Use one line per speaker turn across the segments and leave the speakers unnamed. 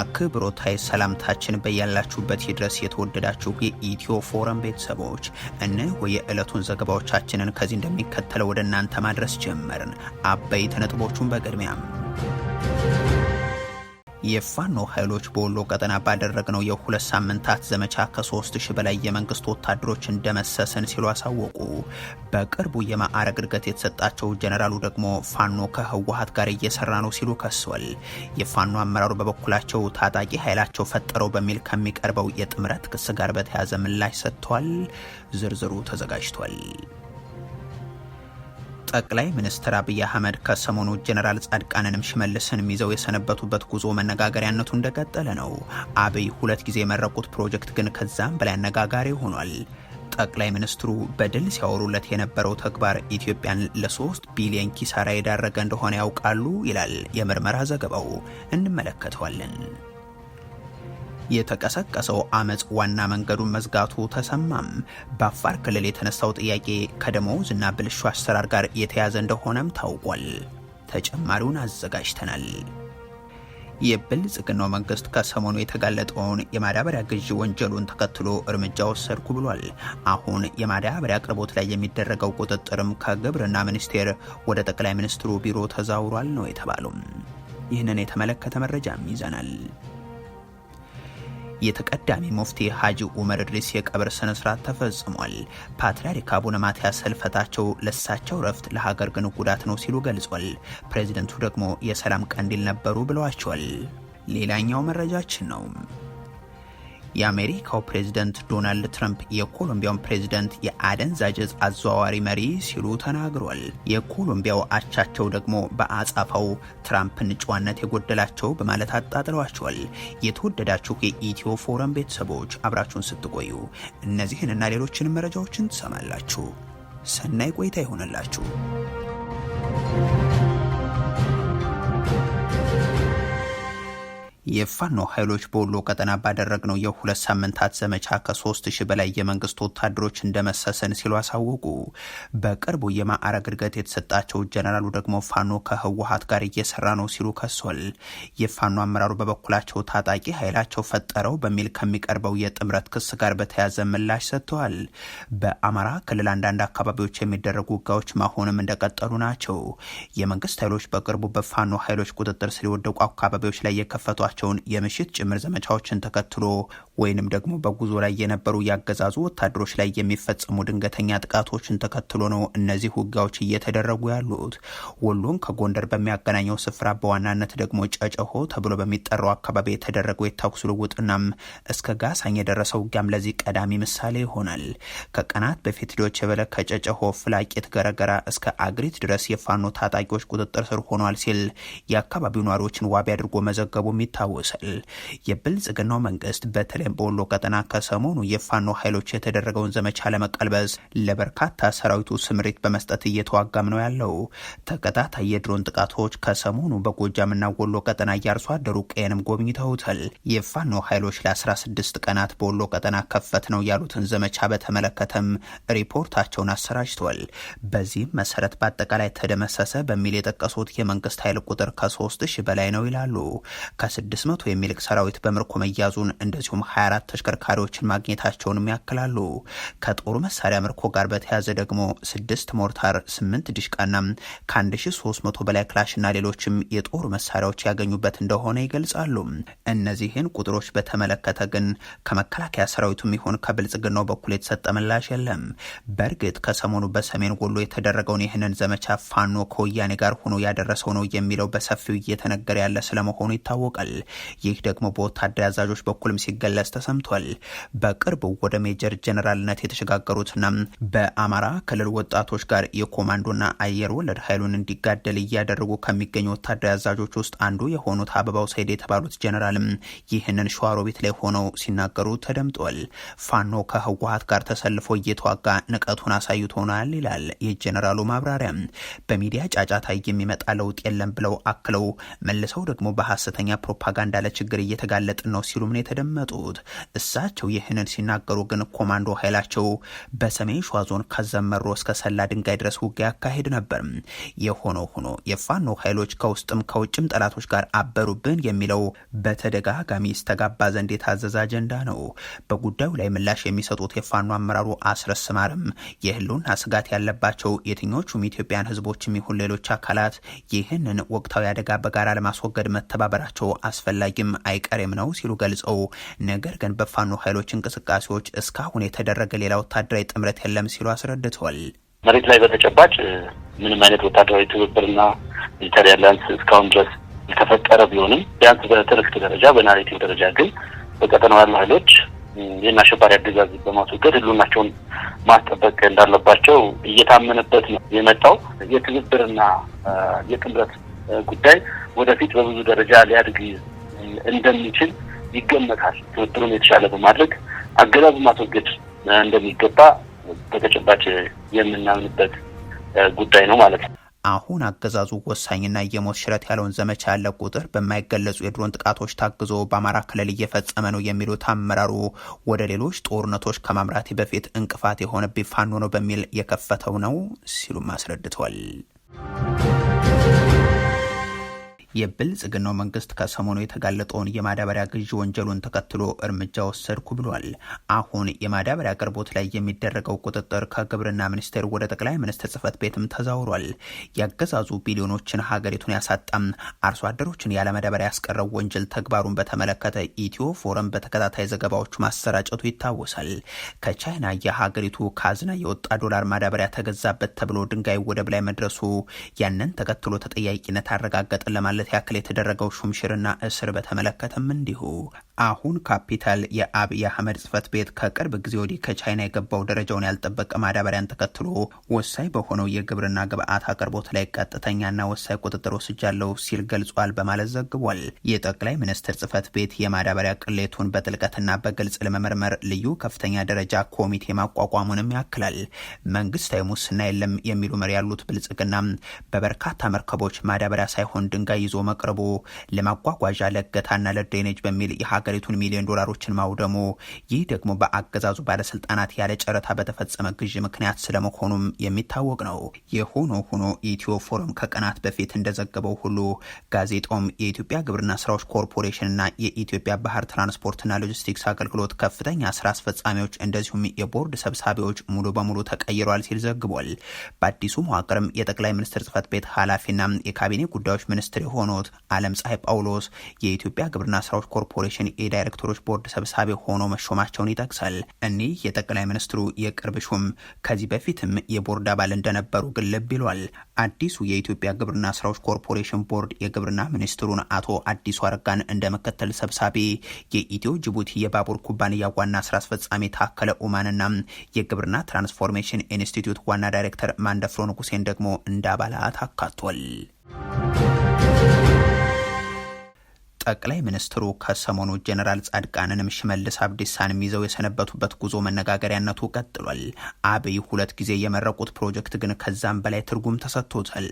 አክብሮታይ ሰላምታችን በያላችሁበት ይድረስ። የተወደዳችሁ የኢትዮ ፎረም ቤተሰቦች እነሆ የዕለቱን ዘገባዎቻችንን ከዚህ እንደሚከተለው ወደ እናንተ ማድረስ ጀመርን። አበይት ነጥቦቹን በቅድሚያም የፋኖ ኃይሎች በወሎ ቀጠና ባደረግነው የሁለት ሳምንታት ዘመቻ ከሶስት ሺህ በላይ የመንግስት ወታደሮች እንደመሰስን ሲሉ አሳወቁ። በቅርቡ የማዕረግ እድገት የተሰጣቸው ጀነራሉ ደግሞ ፋኖ ከህወሀት ጋር እየሰራ ነው ሲሉ ከሷል። የፋኖ አመራሩ በበኩላቸው ታጣቂ ኃይላቸው ፈጠረው በሚል ከሚቀርበው የጥምረት ክስ ጋር በተያያዘ ምላሽ ሰጥተዋል። ዝርዝሩ ተዘጋጅቷል። ጠቅላይ ሚኒስትር አብይ አህመድ ከሰሞኑ ጀነራል ጻድቃንንም ሽመልስንም ይዘው የሰነበቱበት ጉዞ መነጋገሪያነቱ እንደቀጠለ ነው። አብይ ሁለት ጊዜ የመረቁት ፕሮጀክት ግን ከዛም በላይ አነጋጋሪ ሆኗል። ጠቅላይ ሚኒስትሩ በድል ሲያወሩለት የነበረው ተግባር ኢትዮጵያን ለሶስት ቢሊዮን ኪሳራ የዳረገ እንደሆነ ያውቃሉ ይላል የምርመራ ዘገባው። እንመለከተዋለን። የተቀሰቀሰው አመፅ ዋና መንገዱን መዝጋቱ ተሰማም። በአፋር ክልል የተነሳው ጥያቄ እና ብልሹ አሰራር ጋር የተያዘ እንደሆነም ታውቋል። ተጨማሪውን አዘጋጅተናል። የብልጽግናው መንግስት ከሰሞኑ የተጋለጠውን የማዳበሪያ ግዢ ወንጀሉን ተከትሎ እርምጃ ወሰድኩ ብሏል። አሁን የማዳበሪያ አቅርቦት ላይ የሚደረገው ቁጥጥርም ከግብርና ሚኒስቴር ወደ ጠቅላይ ሚኒስትሩ ቢሮ ተዛውሯል ነው የተባሉም። ይህንን የተመለከተ መረጃም ይዘናል። የተቀዳሚ ሙፍቲ ሀጂ ኡመር ድሪስ የቀብር ስነ ስርዓት ተፈጽሟል። ፓትርያርክ አቡነ ማትያስ ህልፈታቸው ለሳቸው ረፍት ለሀገር ግን ጉዳት ነው ሲሉ ገልጿል። ፕሬዚደንቱ ደግሞ የሰላም ቀንዲል ነበሩ ብለዋቸዋል። ሌላኛው መረጃችን ነው። የአሜሪካው ፕሬዝደንት ዶናልድ ትራምፕ የኮሎምቢያውን ፕሬዝደንት የአደንዛዥ እጽ አዘዋዋሪ መሪ ሲሉ ተናግሯል። የኮሎምቢያው አቻቸው ደግሞ በአጻፋው ትራምፕን ጨዋነት የጎደላቸው በማለት አጣጥለዋቸዋል። የተወደዳችሁ የኢትዮ ፎረም ቤተሰቦች አብራችሁን ስትቆዩ እነዚህንና ሌሎችንም መረጃዎችን ትሰማላችሁ። ሰናይ ቆይታ ይሆነላችሁ። የፋኖ ኃይሎች በወሎ ቀጠና ባደረግነው የሁለት ሳምንታት ዘመቻ ከሶስት ሺህ በላይ የመንግስት ወታደሮች እንደመሰሰን ሲሉ አሳወቁ። በቅርቡ የማዕረግ እድገት የተሰጣቸው ጀነራሉ ደግሞ ፋኖ ከህወሀት ጋር እየሰራ ነው ሲሉ ከሷል። የፋኖ አመራሩ በበኩላቸው ታጣቂ ኃይላቸው ፈጠረው በሚል ከሚቀርበው የጥምረት ክስ ጋር በተያያዘ ምላሽ ሰጥተዋል። በአማራ ክልል አንዳንድ አካባቢዎች የሚደረጉ ውጋዎች ማሆንም እንደቀጠሉ ናቸው። የመንግስት ኃይሎች በቅርቡ በፋኖ ኃይሎች ቁጥጥር ስር የወደቁ አካባቢዎች ላይ የከፈቷቸው ያደረጓቸውን የምሽት ጭምር ዘመቻዎችን ተከትሎ ወይንም ደግሞ በጉዞ ላይ የነበሩ ያገዛዙ ወታደሮች ላይ የሚፈጸሙ ድንገተኛ ጥቃቶችን ተከትሎ ነው እነዚህ ውጊያዎች እየተደረጉ ያሉት። ወሎን ከጎንደር በሚያገናኘው ስፍራ በዋናነት ደግሞ ጨጨሆ ተብሎ በሚጠራው አካባቢ የተደረገው የተኩስ ልውውጥናም እስከ ጋሳኝ የደረሰው ውጊያም ለዚህ ቀዳሚ ምሳሌ ይሆናል። ከቀናት በፊት ዶች በለ ከጨጨሆ ፍላቂት ገረገራ እስከ አግሪት ድረስ የፋኖ ታጣቂዎች ቁጥጥር ስር ሆኗል ሲል የአካባቢው ነዋሪዎችን ዋቢ አድርጎ መዘገቡ የሚታወ ይታወሳል። የብልጽግናው መንግስት በተለይም በወሎ ቀጠና ከሰሞኑ የፋኖ ኃይሎች የተደረገውን ዘመቻ ለመቀልበስ ለበርካታ ሰራዊቱ ስምሪት በመስጠት እየተዋጋም ነው ያለው። ተከታታይ የድሮን ጥቃቶች ከሰሞኑ በጎጃምና ወሎ ቀጠና እያርሶ አደሩ ቀየንም ጎብኝተውታል። የፋኖ ኃይሎች ለ16 ቀናት በወሎ ቀጠና ከፈት ነው ያሉትን ዘመቻ በተመለከተም ሪፖርታቸውን አሰራጅቷል። በዚህም መሰረት በአጠቃላይ ተደመሰሰ በሚል የጠቀሱት የመንግስት ኃይል ቁጥር ከ3000 በላይ ነው ይላሉ። 600 የሚልቅ ሰራዊት በምርኮ መያዙን እንደዚሁም 24 ተሽከርካሪዎችን ማግኘታቸውንም ያክላሉ። ከጦሩ መሳሪያ ምርኮ ጋር በተያያዘ ደግሞ ስድስት ሞርታር፣ ስምንት ዲሽቃና ከ1300 በላይ ክላሽና ሌሎችም የጦር መሳሪያዎች ያገኙበት እንደሆነ ይገልጻሉ። እነዚህን ቁጥሮች በተመለከተ ግን ከመከላከያ ሰራዊቱም ይሆን ከብልጽግናው በኩል የተሰጠ ምላሽ የለም። በእርግጥ ከሰሞኑ በሰሜን ወሎ የተደረገውን ይህንን ዘመቻ ፋኖ ከወያኔ ጋር ሆኖ ያደረሰው ነው የሚለው በሰፊው እየተነገረ ያለ ስለመሆኑ ይታወቃል። ይህ ደግሞ በወታደር አዛዦች በኩልም ሲገለጽ ተሰምቷል። በቅርብ ወደ ሜጀር ጀነራልነት የተሸጋገሩትና በአማራ ክልል ወጣቶች ጋር የኮማንዶና አየር ወለድ ኃይሉን እንዲጋደል እያደረጉ ከሚገኙ ወታደር አዛዦች ውስጥ አንዱ የሆኑት አበባው ሰይድ የተባሉት ጀነራልም ይህንን ሸዋሮቢት ላይ ሆነው ሲናገሩ ተደምጧል። ፋኖ ከህወሀት ጋር ተሰልፎ እየተዋጋ ንቀቱን አሳይቶናል ይላል የጀነራሉ ማብራሪያ። በሚዲያ ጫጫታ የሚመጣ ለውጥ የለም ብለው አክለው መልሰው ደግሞ በሀሰተኛ ፕሮፓ ፕሮፓጋንዳ ለችግር እየተጋለጥን ነው ሲሉም ነው የተደመጡት። እሳቸው ይህንን ሲናገሩ ግን ኮማንዶ ኃይላቸው በሰሜን ሸዋ ዞን ከዘመሮ እስከ ሰላ ድንጋይ ድረስ ውጊያ ያካሄድ ነበር። የሆነ ሆኖ የፋኖ ኃይሎች ከውስጥም ከውጭም ጠላቶች ጋር አበሩብን የሚለው በተደጋጋሚ ስተጋባ ዘንድ የታዘዘ አጀንዳ ነው። በጉዳዩ ላይ ምላሽ የሚሰጡት የፋኖ አመራሩ አስረስ ማረም የህልውና ስጋት ያለባቸው የትኞቹም ኢትዮጵያን ህዝቦችም ይሁን ሌሎች አካላት ይህንን ወቅታዊ አደጋ በጋራ ለማስወገድ መተባበራቸው አስ አስፈላጊም አይቀሬም ነው ሲሉ ገልጸው ነገር ግን በፋኖ ኃይሎች እንቅስቃሴዎች እስካሁን የተደረገ ሌላ ወታደራዊ ጥምረት የለም ሲሉ አስረድተዋል።
መሬት ላይ በተጨባጭ ምንም አይነት ወታደራዊ ትብብርና ሚሊተሪ አላያንስ እስካሁን ድረስ የተፈጠረ ቢሆንም ቢያንስ በትርክት ደረጃ በናሬቲቭ ደረጃ ግን በቀጠናው ያሉ ኃይሎች ይህን አሸባሪ አገዛዝ በማስወገድ ህልውናቸውን ማስጠበቅ እንዳለባቸው እየታመነበት ነው የመጣው። የትብብርና የጥምረት ጉዳይ ወደፊት በብዙ ደረጃ ሊያድግ እንደሚችል ይገመታል። ትብብሩን የተሻለ በማድረግ አገዛዙ ማስወገድ እንደሚገባ በተጨባጭ የምናምንበት ጉዳይ ነው ማለት ነው።
አሁን አገዛዙ ወሳኝና የሞት ሽረት ያለውን ዘመቻ ያለ ቁጥር በማይገለጹ የድሮን ጥቃቶች ታግዞ በአማራ ክልል እየፈጸመ ነው የሚሉት አመራሩ ወደ ሌሎች ጦርነቶች ከማምራቴ በፊት እንቅፋት የሆነብኝ ፋኖ ነው በሚል የከፈተው ነው ሲሉም አስረድተዋል። የብልጽግናው መንግስት ከሰሞኑ የተጋለጠውን የማዳበሪያ ግዢ ወንጀሉን ተከትሎ እርምጃ ወሰድኩ ብሏል። አሁን የማዳበሪያ አቅርቦት ላይ የሚደረገው ቁጥጥር ከግብርና ሚኒስቴር ወደ ጠቅላይ ሚኒስትር ጽህፈት ቤትም ተዛውሯል። ያገዛዙ ቢሊዮኖችን ሀገሪቱን ያሳጣም አርሶ አደሮችን ያለማዳበሪያ ያስቀረው ወንጀል ተግባሩን በተመለከተ ኢትዮ ፎረም በተከታታይ ዘገባዎቹ ማሰራጨቱ ይታወሳል። ከቻይና የሀገሪቱ ካዝና የወጣ ዶላር ማዳበሪያ ተገዛበት ተብሎ ድንጋይ ወደብ ላይ መድረሱ ያንን ተከትሎ ተጠያቂነት አረጋገጠ ለማለት ለማለት ያክል የተደረገው ሹምሽርና እስር በተመለከተም እንዲሁ አሁን ካፒታል የአብይ አህመድ ጽህፈት ቤት ከቅርብ ጊዜ ወዲህ ከቻይና የገባው ደረጃውን ያልጠበቀ ማዳበሪያን ተከትሎ ወሳኝ በሆነው የግብርና ግብአት አቅርቦት ላይ ቀጥተኛና ወሳኝ ቁጥጥር ወስጃለሁ ሲል ገልጿል በማለት ዘግቧል። የጠቅላይ ሚኒስትር ጽህፈት ቤት የማዳበሪያ ቅሌቱን በጥልቀትና በግልጽ ለመመርመር ልዩ ከፍተኛ ደረጃ ኮሚቴ ማቋቋሙንም ያክላል። መንግስታዊ ሙስና የለም የሚሉ መሪ ያሉት ብልጽግና በበርካታ መርከቦች ማዳበሪያ ሳይሆን ድንጋይ ይዞ መቅረቡ ለማጓጓዣ ለገታና ለድሬኔጅ በሚል የሀገር የሀገሪቱን ሚሊዮን ዶላሮችን ማውደሙ፣ ይህ ደግሞ በአገዛዙ ባለስልጣናት ያለ ጨረታ በተፈጸመ ግዥ ምክንያት ስለመሆኑም የሚታወቅ ነው። የሆኖ ሆኖ የኢትዮ ፎረም ከቀናት በፊት እንደዘገበው ሁሉ ጋዜጣውም የኢትዮጵያ ግብርና ስራዎች ኮርፖሬሽንና የኢትዮጵያ ባህር ትራንስፖርትና ሎጂስቲክስ አገልግሎት ከፍተኛ ስራ አስፈጻሚዎች እንደዚሁም የቦርድ ሰብሳቢዎች ሙሉ በሙሉ ተቀይረዋል ሲል ዘግቧል። በአዲሱ መዋቅርም የጠቅላይ ሚኒስትር ጽህፈት ቤት ኃላፊና የካቢኔ ጉዳዮች ሚኒስትር የሆኑት አለም ፀሐይ ጳውሎስ የኢትዮጵያ ግብርና ስራዎች ኮርፖሬሽን የዳይሬክተሮች ቦርድ ሰብሳቢ ሆኖ መሾማቸውን ይጠቅሳል። እኒህ የጠቅላይ ሚኒስትሩ የቅርብ ሹም ከዚህ በፊትም የቦርድ አባል እንደነበሩ ግልብ ይሏል። አዲሱ የኢትዮጵያ ግብርና ስራዎች ኮርፖሬሽን ቦርድ የግብርና ሚኒስትሩን አቶ አዲሱ አረጋን እንደ ምክትል ሰብሳቢ፣ የኢትዮ ጅቡቲ የባቡር ኩባንያ ዋና ስራ አስፈጻሚ ታከለ ኡማንና የግብርና ትራንስፎርሜሽን ኢንስቲትዩት ዋና ዳይሬክተር ማንደፍሮ ንጉሴን ደግሞ እንደ አባላት አካቷል። ጠቅላይ ሚኒስትሩ ከሰሞኑ ጀነራል ጻድቃንንም ሽመልስ አብዲሳንም ይዘው የሰነበቱበት ጉዞ መነጋገሪያነቱ ቀጥሏል። አብይ ሁለት ጊዜ የመረቁት ፕሮጀክት ግን ከዛም በላይ ትርጉም ተሰጥቶታል።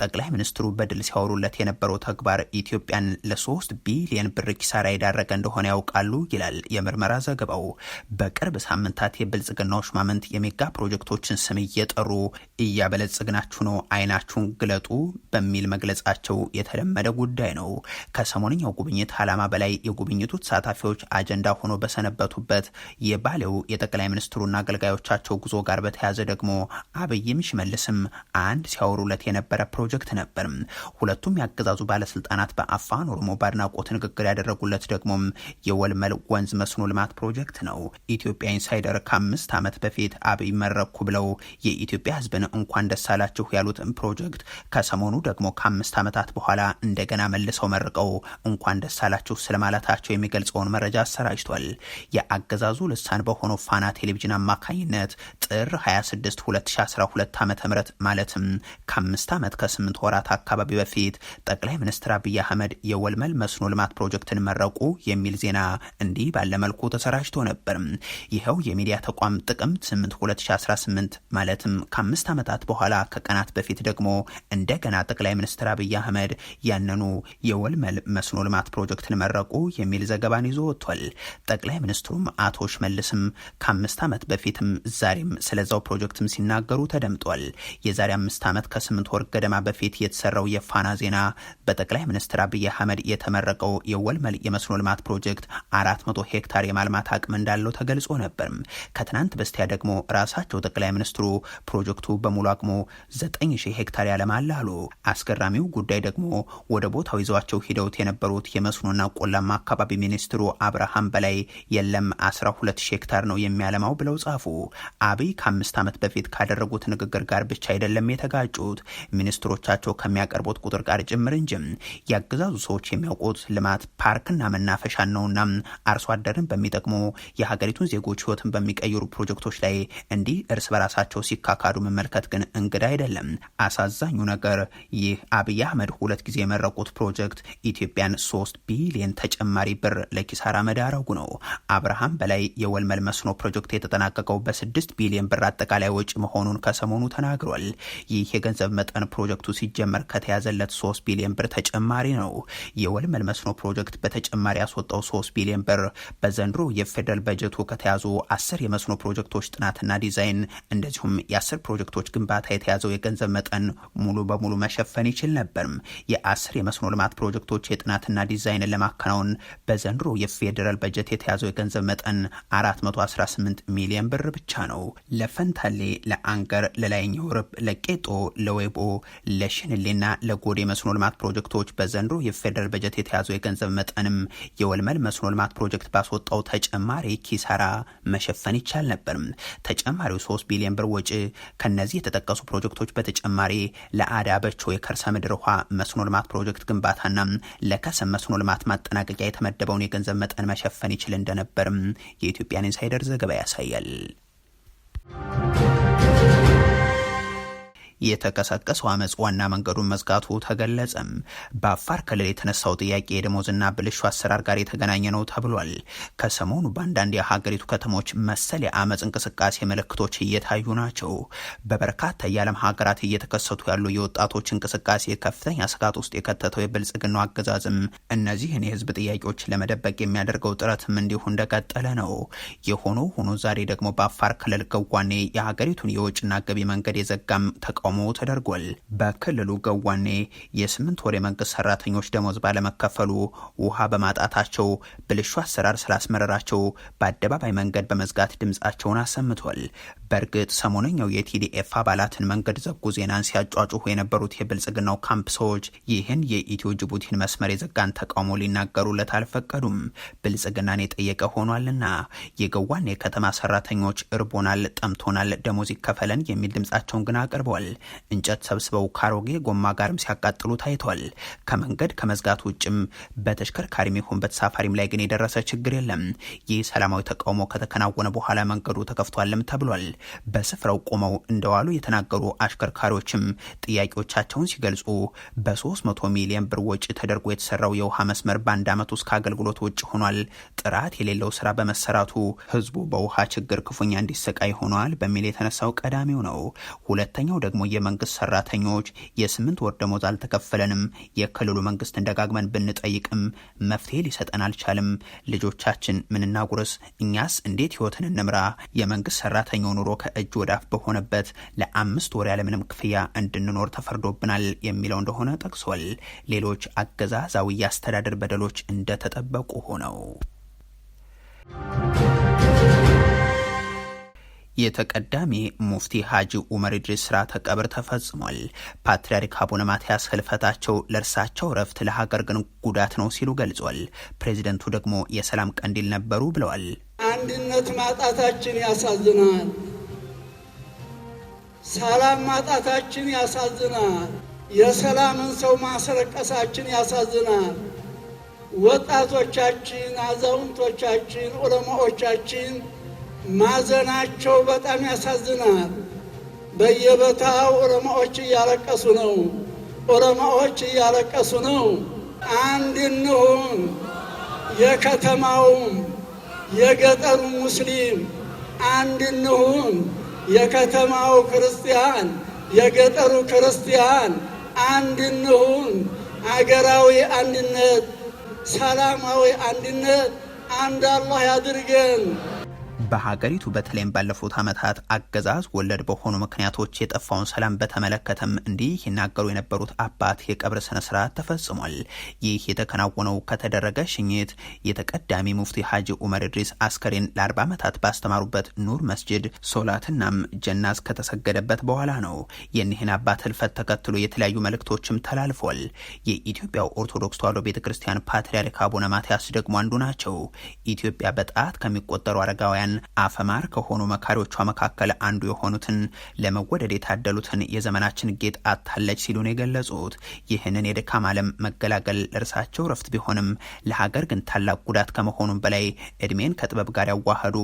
ጠቅላይ ሚኒስትሩ በድል ሲያወሩለት የነበረው ተግባር ኢትዮጵያን ለሶስት ቢሊየን ብር ኪሳራ የዳረገ እንደሆነ ያውቃሉ ይላል የምርመራ ዘገባው። በቅርብ ሳምንታት የብልጽግናዎች ማመንት የሜጋ ፕሮጀክቶችን ስም እየጠሩ እያበለጽግናችሁ ነው አይናችሁን ግለጡ በሚል መግለጻቸው የተለመደ ጉዳይ ነው። ከሰሞንኛው ጉብኝት ዓላማ በላይ የጉብኝቱ ተሳታፊዎች አጀንዳ ሆኖ በሰነበቱበት የባሌው የጠቅላይ ሚኒስትሩና አገልጋዮቻቸው ጉዞ ጋር በተያያዘ ደግሞ አብይም ሽመልስም አንድ ሲያወሩለት የነበረ ፕሮጀክት ነበር። ሁለቱም ያገዛዙ ባለስልጣናት በአፋን ኦሮሞ በአድናቆት ንግግር ያደረጉለት ደግሞ የወልመል ወንዝ መስኖ ልማት ፕሮጀክት ነው። ኢትዮጵያ ኢንሳይደር ከአምስት ዓመት በፊት አብይ መረኩ ብለው የኢትዮጵያ ሕዝብን እንኳን ደስ አላችሁ ያሉትን ፕሮጀክት ከሰሞኑ ደግሞ ከአምስት ዓመታት በኋላ እንደገና መልሰው መርቀው እንኳን ደስ አላችሁ ስለማለታቸው የሚገልጸውን መረጃ አሰራጅቷል። የአገዛዙ ልሳን በሆነው ፋና ቴሌቪዥን አማካኝነት ጥር 26 2012 ዓ ም ማለትም ከአምስት ዓመት ከስምንት ወራት አካባቢ በፊት ጠቅላይ ሚኒስትር አብይ አህመድ የወልመል መስኖ ልማት ፕሮጀክትን መረቁ የሚል ዜና እንዲህ ባለመልኩ ተሰራጅቶ ነበር። ይኸው የሚዲያ ተቋም ጥቅምት 8 2018 ማለትም ከአምስት ዓመታት በኋላ ከቀናት በፊት ደግሞ እንደገና ጠቅላይ ሚኒስትር አብይ አህመድ ያነኑ የወልመል መስኖ ልማት ፕሮጀክትን መረቁ የሚል ዘገባን ይዞ ወጥቷል። ጠቅላይ ሚኒስትሩም አቶ ሽመልስም ከአምስት ዓመት በፊትም ዛሬም ስለዛው ፕሮጀክትም ሲናገሩ ተደምጧል። የዛሬ አምስት ዓመት ከስምንት ወር ገደማ በፊት የተሰራው የፋና ዜና በጠቅላይ ሚኒስትር አብይ አህመድ የተመረቀው የወልመል የመስኖ ልማት ፕሮጀክት አራት መቶ ሄክታር የማልማት አቅም እንዳለው ተገልጾ ነበርም። ከትናንት በስቲያ ደግሞ ራሳቸው ጠቅላይ ሚኒስትሩ ፕሮጀክቱ በሙሉ አቅሙ ዘጠኝ ሺህ ሄክታር ያለማል አሉ። አስገራሚው ጉዳይ ደግሞ ወደ ቦታው ይዘዋቸው ሂደውት የነበሩ የሚሉት የመስኖና ቆላማ አካባቢ ሚኒስትሩ አብርሃም በላይ የለም 12 ሺ ሄክታር ነው የሚያለማው ብለው ጻፉ። አብይ ከአምስት ዓመት በፊት ካደረጉት ንግግር ጋር ብቻ አይደለም የተጋጩት ሚኒስትሮቻቸው ከሚያቀርቡት ቁጥር ጋር ጭምር እንጂ የአገዛዙ ሰዎች የሚያውቁት ልማት ፓርክና መናፈሻ ነውና አርሶ አደርን በሚጠቅሙ የሀገሪቱን ዜጎች ህይወትን በሚቀይሩ ፕሮጀክቶች ላይ እንዲህ እርስ በራሳቸው ሲካካዱ መመልከት ግን እንግዳ አይደለም። አሳዛኙ ነገር ይህ አብይ አህመድ ሁለት ጊዜ የመረቁት ፕሮጀክት ኢትዮጵያን 3 ቢሊዮን ተጨማሪ ብር ለኪሳራ መዳረጉ ነው። አብርሃም በላይ የወልመል መስኖ ፕሮጀክት የተጠናቀቀው በ6 ቢሊዮን ብር አጠቃላይ ወጪ መሆኑን ከሰሞኑ ተናግሯል። ይህ የገንዘብ መጠን ፕሮጀክቱ ሲጀመር ከተያዘለት 3 ቢሊዮን ብር ተጨማሪ ነው። የወልመል መስኖ ፕሮጀክት በተጨማሪ ያስወጣው 3 ቢሊዮን ብር በዘንድሮ የፌደራል በጀቱ ከተያዙ 10 የመስኖ ፕሮጀክቶች ጥናትና ዲዛይን እንደዚሁም የ10 ፕሮጀክቶች ግንባታ የተያዘው የገንዘብ መጠን ሙሉ በሙሉ መሸፈን ይችል ነበርም። የ የ10 የመስኖ ልማት ፕሮጀክቶች የጥናትና ዲዛይንን ለማከናወን በዘንድሮ የፌዴራል በጀት የተያዘው የገንዘብ መጠን 418 ሚሊዮን ብር ብቻ ነው። ለፈንታሌ፣ ለአንገር፣ ለላይኛው ርብ፣ ለቄጦ፣ ለወይቦ፣ ለሽንሌና ለጎዴ መስኖ ልማት ፕሮጀክቶች በዘንድሮ የፌዴራል በጀት የተያዘው የገንዘብ መጠንም የወልመል መስኖ ልማት ፕሮጀክት ባስወጣው ተጨማሪ ኪሳራ መሸፈን ይቻል ነበር። ተጨማሪው 3 ቢሊዮን ብር ወጪ ከነዚህ የተጠቀሱ ፕሮጀክቶች በተጨማሪ ለአዳ በቾ የከርሰ ምድር ውሃ መስኖ ልማት ፕሮጀክት ግንባታና ለከሰም መስኖ ልማት ማጠናቀቂያ የተመደበውን የገንዘብ መጠን መሸፈን ይችል እንደነበርም የኢትዮጵያን ኢንሳይደር ዘገባ ያሳያል። የተቀሰቀሰው አመፅ ዋና መንገዱን መዝጋቱ ተገለጸም። በአፋር ክልል የተነሳው ጥያቄ የደሞዝና ብልሹ አሰራር ጋር የተገናኘ ነው ተብሏል። ከሰሞኑ በአንዳንድ የሀገሪቱ ከተሞች መሰል የአመፅ እንቅስቃሴ ምልክቶች እየታዩ ናቸው። በበርካታ የዓለም ሀገራት እየተከሰቱ ያሉ የወጣቶች እንቅስቃሴ ከፍተኛ ስጋት ውስጥ የከተተው የብልጽግናው አገዛዝም እነዚህን የህዝብ ጥያቄዎች ለመደበቅ የሚያደርገው ጥረትም እንዲሁ እንደቀጠለ ነው። የሆኖ ሆኖ ዛሬ ደግሞ በአፋር ክልል ገዋኔ የሀገሪቱን የውጭና ገቢ መንገድ የዘጋም ተቃ እንዲቃወሙ ተደርጓል። በክልሉ ገዋኔ የስምንት ወር የመንግስት ሰራተኞች ደሞዝ ባለመከፈሉ ውሃ በማጣታቸው ብልሹ አሰራር ስላስመረራቸው በአደባባይ መንገድ በመዝጋት ድምፃቸውን አሰምቷል። በእርግጥ ሰሞነኛው የቲዲኤፍ አባላትን መንገድ ዘጉ ዜናን ሲያጫጩሁ የነበሩት የብልጽግናው ካምፕ ሰዎች ይህን የኢትዮ ጅቡቲን መስመር የዘጋን ተቃውሞ ሊናገሩለት አልፈቀዱም። ብልጽግናን የጠየቀ ሆኗልና የገዋኔ ከተማ ሰራተኞች እርቦናል፣ ጠምቶናል፣ ደሞዝ ይከፈለን የሚል ድምፃቸውን ግን አቅርበዋል። እንጨት ሰብስበው ካሮጌ ጎማ ጋርም ሲያቃጥሉ ታይቷል። ከመንገድ ከመዝጋት ውጭም በተሽከርካሪም ይሁን በተሳፋሪም ላይ ግን የደረሰ ችግር የለም። ይህ ሰላማዊ ተቃውሞ ከተከናወነ በኋላ መንገዱ ተከፍቷልም ተብሏል። በስፍራው ቆመው እንደዋሉ የተናገሩ አሽከርካሪዎችም ጥያቄዎቻቸውን ሲገልጹ በ300 ሚሊዮን ብር ወጪ ተደርጎ የተሰራው የውሃ መስመር በአንድ ዓመት ውስጥ ከአገልግሎት ውጭ ሆኗል። ጥራት የሌለው ስራ በመሰራቱ ህዝቡ በውሃ ችግር ክፉኛ እንዲሰቃይ ሆኗል በሚል የተነሳው ቀዳሚው ነው። ሁለተኛው ደግሞ የመንግስት ሰራተኞች የስምንት ወር ደሞዝ አልተከፈለንም፣ የክልሉ መንግስትን ደጋግመን ብንጠይቅም መፍትሄ ሊሰጠን አልቻልም፣ ልጆቻችን ምንናጉርስ፣ እኛስ እንዴት ህይወትን እንምራ፣ የመንግስት ሰራተኛው ኑሮ ከእጅ ወዳፍ በሆነበት ለአምስት ወር ያለምንም ክፍያ እንድንኖር ተፈርዶብናል የሚለው እንደሆነ ጠቅሷል። ሌሎች አገዛዛዊ የአስተዳደር በደሎች እንደተጠበቁ ሆነው የተቀዳሚ ሙፍቲ ሀጂ ኡመር ኢድሪስ ስርዓተ ቀብር ተፈጽሟል። ፓትርያርክ አቡነ ማትያስ ህልፈታቸው ለእርሳቸው እረፍት፣ ለሀገር ግን ጉዳት ነው ሲሉ ገልጿል። ፕሬዚደንቱ ደግሞ የሰላም ቀንዲል ነበሩ ብለዋል።
አንድነት ማጣታችን ያሳዝናል። ሰላም ማጣታችን ያሳዝናል። የሰላምን ሰው ማስረቀሳችን ያሳዝናል። ወጣቶቻችን፣ አዛውንቶቻችን፣ ዑለማዎቻችን ማዘናቸው በጣም ያሳዝናል። በየበታው ኦሮሞዎች እያለቀሱ ነው። ኦሮሞዎች እያለቀሱ ነው። አንድ እንሁን። የከተማውም የገጠሩ ሙስሊም አንድ እንሁን። የከተማው ክርስቲያን፣ የገጠሩ ክርስቲያን አንድ እንሁን። አገራዊ አንድነት፣ ሰላማዊ አንድነት አንድ አላህ ያድርገን።
በሀገሪቱ በተለይም ባለፉት ዓመታት አገዛዝ ወለድ በሆኑ ምክንያቶች የጠፋውን ሰላም በተመለከተም እንዲህ ይናገሩ የነበሩት አባት የቀብር ስነ ስርዓት ተፈጽሟል። ይህ የተከናወነው ከተደረገ ሽኝት የተቀዳሚ ሙፍቲ ሀጂ ኡመር እድሪስ አስከሬን ለ40 ዓመታት ባስተማሩበት ኑር መስጅድ ሶላትናም ጀናዝ ከተሰገደበት በኋላ ነው። የኒህን አባት ህልፈት ተከትሎ የተለያዩ መልእክቶችም ተላልፏል። የኢትዮጵያ ኦርቶዶክስ ተዋሕዶ ቤተ ክርስቲያን ፓትርያርክ አቡነ ማትያስ ደግሞ አንዱ ናቸው። ኢትዮጵያ በጣት ከሚቆጠሩ አረጋውያን ኢትዮጵያውያን አፈማር ከሆኑ መካሪዎቿ መካከል አንዱ የሆኑትን ለመወደድ የታደሉትን የዘመናችን ጌጥ አታለች ሲሉ የገለጹት። ይህንን የድካም ዓለም መገላገል እርሳቸው ረፍት ቢሆንም ለሀገር ግን ታላቅ ጉዳት ከመሆኑም በላይ እድሜን ከጥበብ ጋር ያዋህዱ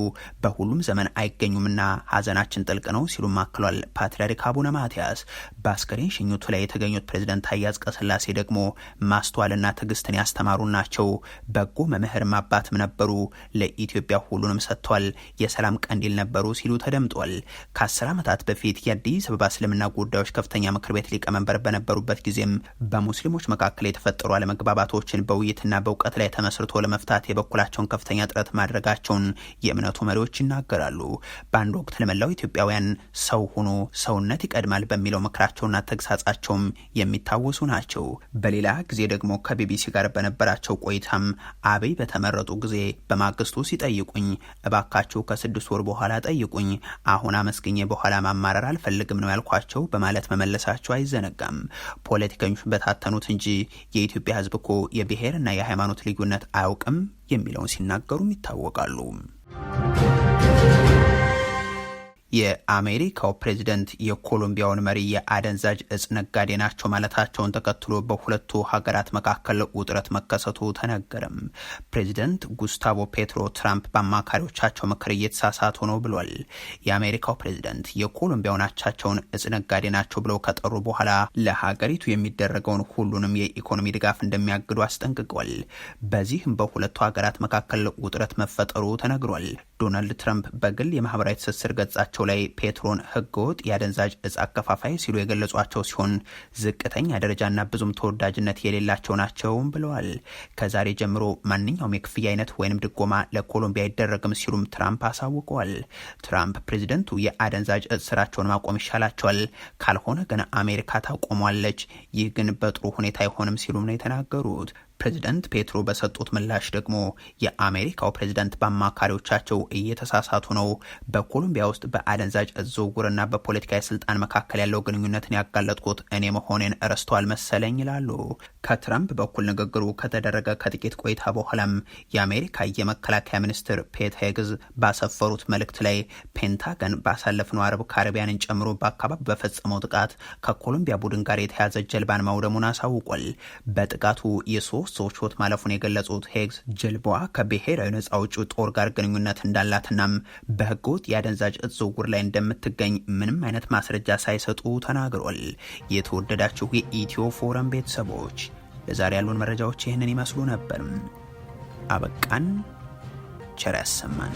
በሁሉም ዘመን አይገኙምና ሀዘናችን ጥልቅ ነው ሲሉም አክሏል። ፓትርያርክ አቡነ ማትያስ በአስከሬን ሽኝቱ ላይ የተገኙት ፕሬዝደንት ታዬ አጽቀሥላሴ ደግሞ ማስተዋልና ትዕግስትን ያስተማሩ ናቸው። በጎ መምህርም አባትም ነበሩ። ለኢትዮጵያ ሁሉንም ሰጥቷል። የሰላም ቀንዲል ነበሩ ሲሉ ተደምጧል። ከአስር ዓመታት በፊት የአዲስ አበባ እስልምና ጉዳዮች ከፍተኛ ምክር ቤት ሊቀመንበር በነበሩበት ጊዜም በሙስሊሞች መካከል የተፈጠሩ አለመግባባቶችን በውይይትና በእውቀት ላይ ተመስርቶ ለመፍታት የበኩላቸውን ከፍተኛ ጥረት ማድረጋቸውን የእምነቱ መሪዎች ይናገራሉ። በአንድ ወቅት ለመላው ኢትዮጵያውያን ሰው ሁኑ፣ ሰውነት ይቀድማል በሚለው ምክራቸውና ተግሳጻቸውም የሚታወሱ ናቸው። በሌላ ጊዜ ደግሞ ከቢቢሲ ጋር በነበራቸው ቆይታም አብይ በተመረጡ ጊዜ በማግስቱ ሲጠይቁኝ እባካ ካወቃችሁ ከስድስት ወር በኋላ ጠይቁኝ። አሁን አመስግኜ በኋላ ማማረር አልፈልግም ነው ያልኳቸው በማለት መመለሳቸው አይዘነጋም። ፖለቲከኞች በታተኑት እንጂ የኢትዮጵያ ሕዝብ እኮ የብሔርና የሃይማኖት ልዩነት አያውቅም የሚለውን ሲናገሩም ይታወቃሉ። የአሜሪካው ፕሬዚደንት የኮሎምቢያውን መሪ የአደንዛዥ እጽ ነጋዴ ናቸው ማለታቸውን ተከትሎ በሁለቱ ሀገራት መካከል ውጥረት መከሰቱ ተነገረም። ፕሬዚደንት ጉስታቮ ፔትሮ ትራምፕ በአማካሪዎቻቸው ምክር እየተሳሳቱ ነው ብሏል። የአሜሪካው ፕሬዚደንት የኮሎምቢያውን አቻቸውን እጽ ነጋዴ ናቸው ብለው ከጠሩ በኋላ ለሀገሪቱ የሚደረገውን ሁሉንም የኢኮኖሚ ድጋፍ እንደሚያግዱ አስጠንቅቀዋል። በዚህም በሁለቱ ሀገራት መካከል ውጥረት መፈጠሩ ተነግሯል። ዶናልድ ትራምፕ በግል የማህበራዊ ትስስር ገጻቸው በንግግራቸው ላይ ፔትሮን ህገወጥ የአደንዛዥ እጽ አከፋፋይ ሲሉ የገለጿቸው ሲሆን ዝቅተኛ ደረጃና ብዙም ተወዳጅነት የሌላቸው ናቸውም ብለዋል። ከዛሬ ጀምሮ ማንኛውም የክፍያ አይነት ወይንም ድጎማ ለኮሎምቢያ አይደረግም ሲሉም ትራምፕ አሳውቀዋል። ትራምፕ ፕሬዚደንቱ የአደንዛዥ እጽ ስራቸውን ማቆም ይሻላቸዋል፣ ካልሆነ ግን አሜሪካ ታቆሟለች፣ ይህ ግን በጥሩ ሁኔታ አይሆንም ሲሉም ነው የተናገሩት። ፕሬዚደንት ፔትሮ በሰጡት ምላሽ ደግሞ የአሜሪካው ፕሬዚደንት በአማካሪዎቻቸው እየተሳሳቱ ነው፣ በኮሎምቢያ ውስጥ በአደንዛዥ እጽ ዝውውርና በፖለቲካ የስልጣን መካከል ያለው ግንኙነትን ያጋለጥኩት እኔ መሆኔን እረስተዋል መሰለኝ ይላሉ። ከትራምፕ በኩል ንግግሩ ከተደረገ ከጥቂት ቆይታ በኋላም የአሜሪካ የመከላከያ ሚኒስትር ፔት ሄግዝ ባሰፈሩት መልእክት ላይ ፔንታገን ባሳለፍነው አረብ ካሪቢያንን ጨምሮ በአካባቢ በፈጸመው ጥቃት ከኮሎምቢያ ቡድን ጋር የተያዘ ጀልባን ማውደሙን አሳውቋል። በጥቃቱ የሶ ሶስት ሰዎች ማለፉን የገለጹት ሄግስ ጀልባዋ ከብሔራዊ ነጻ አውጪ ጦር ጋር ግንኙነት እንዳላትናም በህገወጥ የአደንዛዥ እጽ ዝውውር ላይ እንደምትገኝ ምንም አይነት ማስረጃ ሳይሰጡ ተናግሯል። የተወደዳችሁ የኢትዮ ፎረም ቤተሰቦች ለዛሬ ያሉን መረጃዎች ይህንን ይመስሉ ነበር። አበቃን። ቸር ያሰማን።